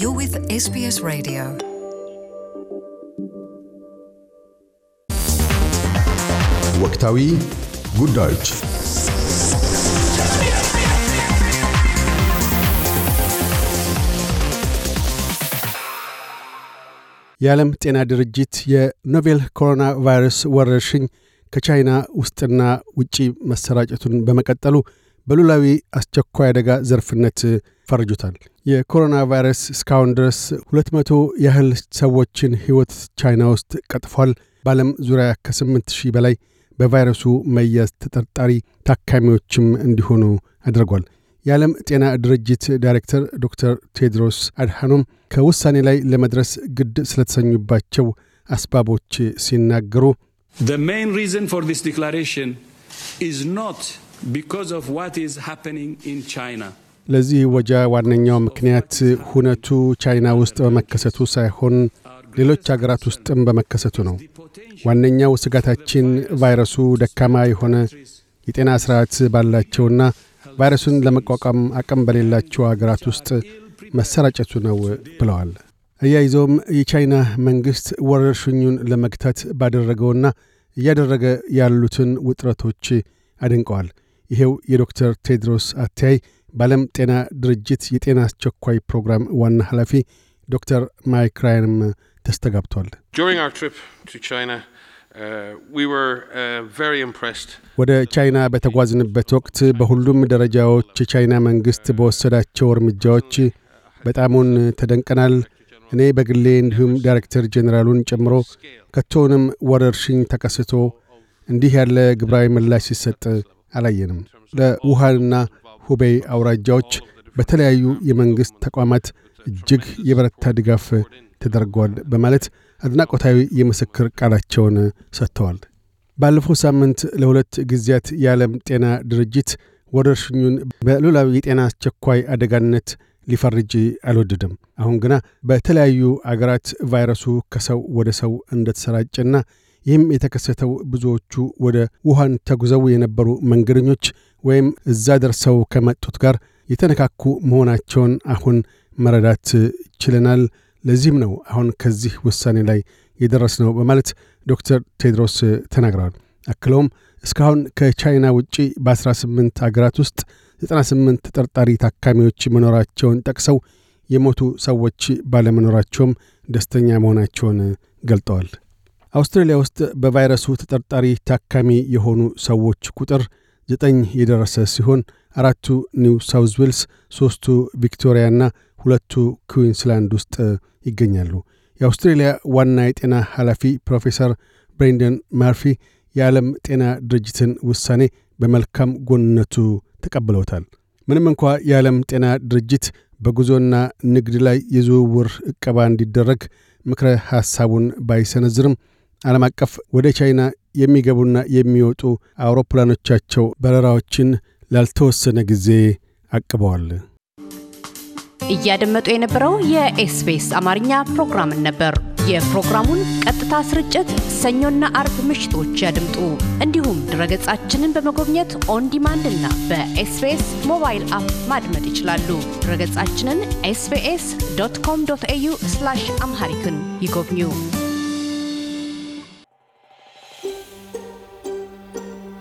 You're with SBS Radio. ወቅታዊ ጉዳዮች የዓለም ጤና ድርጅት የኖቬል ኮሮና ቫይረስ ወረርሽኝ ከቻይና ውስጥና ውጪ መሰራጨቱን በመቀጠሉ በሉላዊ አስቸኳይ አደጋ ዘርፍነት ፈርጁታል። የኮሮና ቫይረስ እስካሁን ድረስ 200 ያህል ሰዎችን ሕይወት ቻይና ውስጥ ቀጥፏል። በዓለም ዙሪያ ከ8 ሺህ በላይ በቫይረሱ መያዝ ተጠርጣሪ ታካሚዎችም እንዲሆኑ አድርጓል። የዓለም ጤና ድርጅት ዳይሬክተር ዶክተር ቴድሮስ አድሃኖም ከውሳኔ ላይ ለመድረስ ግድ ስለተሰኙባቸው አስባቦች ሲናገሩ ሪዝን ለዚህ ወጃ ዋነኛው ምክንያት ሁነቱ ቻይና ውስጥ በመከሰቱ ሳይሆን ሌሎች አገራት ውስጥም በመከሰቱ ነው። ዋነኛው ስጋታችን ቫይረሱ ደካማ የሆነ የጤና ስርዓት ባላቸውና ቫይረሱን ለመቋቋም አቅም በሌላቸው አገራት ውስጥ መሰራጨቱ ነው ብለዋል። አያይዘውም የቻይና መንግሥት ወረርሽኙን ለመግታት ባደረገውና እያደረገ ያሉትን ውጥረቶች አድንቀዋል። ይሄው የዶክተር ቴድሮስ አተያይ በዓለም ጤና ድርጅት የጤና አስቸኳይ ፕሮግራም ዋና ኃላፊ ዶክተር ማይክ ራያንም ተስተጋብቷል። uh, uh, ወደ ቻይና በተጓዝንበት ወቅት በሁሉም ደረጃዎች የቻይና መንግሥት በወሰዳቸው እርምጃዎች በጣሙን ተደንቀናል። እኔ በግሌ እንዲሁም ዳይሬክተር ጄኔራሉን ጨምሮ ከቶውንም ወረርሽኝ ተከስቶ እንዲህ ያለ ግብራዊ ምላሽ ሲሰጥ አላየንም። ለውሃንና ሁቤይ አውራጃዎች በተለያዩ የመንግሥት ተቋማት እጅግ የበረታ ድጋፍ ተደርጓል በማለት አድናቆታዊ የምስክር ቃላቸውን ሰጥተዋል። ባለፈው ሳምንት ለሁለት ጊዜያት የዓለም ጤና ድርጅት ወረርሽኙን በሉላዊ የጤና አስቸኳይ አደጋነት ሊፈርጅ አልወደድም። አሁን ግና በተለያዩ አገራት ቫይረሱ ከሰው ወደ ሰው እንደተሰራጨና ይህም የተከሰተው ብዙዎቹ ወደ ውሃን ተጉዘው የነበሩ መንገደኞች ወይም እዛ ደርሰው ከመጡት ጋር የተነካኩ መሆናቸውን አሁን መረዳት ችለናል። ለዚህም ነው አሁን ከዚህ ውሳኔ ላይ የደረስነው በማለት ዶክተር ቴድሮስ ተናግረዋል። አክለውም እስካሁን ከቻይና ውጪ በ18 አገራት ውስጥ 98 ተጠርጣሪ ታካሚዎች መኖራቸውን ጠቅሰው የሞቱ ሰዎች ባለመኖራቸውም ደስተኛ መሆናቸውን ገልጠዋል። አውስትራሊያ ውስጥ በቫይረሱ ተጠርጣሪ ታካሚ የሆኑ ሰዎች ቁጥር ዘጠኝ የደረሰ ሲሆን አራቱ ኒው ሳውዝ ዌልስ፣ ሦስቱ ቪክቶሪያና ሁለቱ ኩዊንስላንድ ውስጥ ይገኛሉ። የአውስትሬልያ ዋና የጤና ኃላፊ ፕሮፌሰር ብሬንደን ማርፊ የዓለም ጤና ድርጅትን ውሳኔ በመልካም ጎንነቱ ተቀብለውታል። ምንም እንኳ የዓለም ጤና ድርጅት በጉዞና ንግድ ላይ የዝውውር ዕቀባ እንዲደረግ ምክረ ሐሳቡን ባይሰነዝርም ዓለም አቀፍ ወደ ቻይና የሚገቡና የሚወጡ አውሮፕላኖቻቸው በረራዎችን ላልተወሰነ ጊዜ አቅበዋል። እያደመጡ የነበረው የኤስቢኤስ አማርኛ ፕሮግራምን ነበር። የፕሮግራሙን ቀጥታ ስርጭት ሰኞና አርብ ምሽቶች ያድምጡ። እንዲሁም ድረገጻችንን በመጎብኘት ኦን ዲማንድ እና በኤስቢኤስ ሞባይል አፕ ማድመጥ ይችላሉ። ድረገጻችንን ኤስቢኤስ ዶት ኮም ዶት ኤዩ አምሃሪክን ይጎብኙ።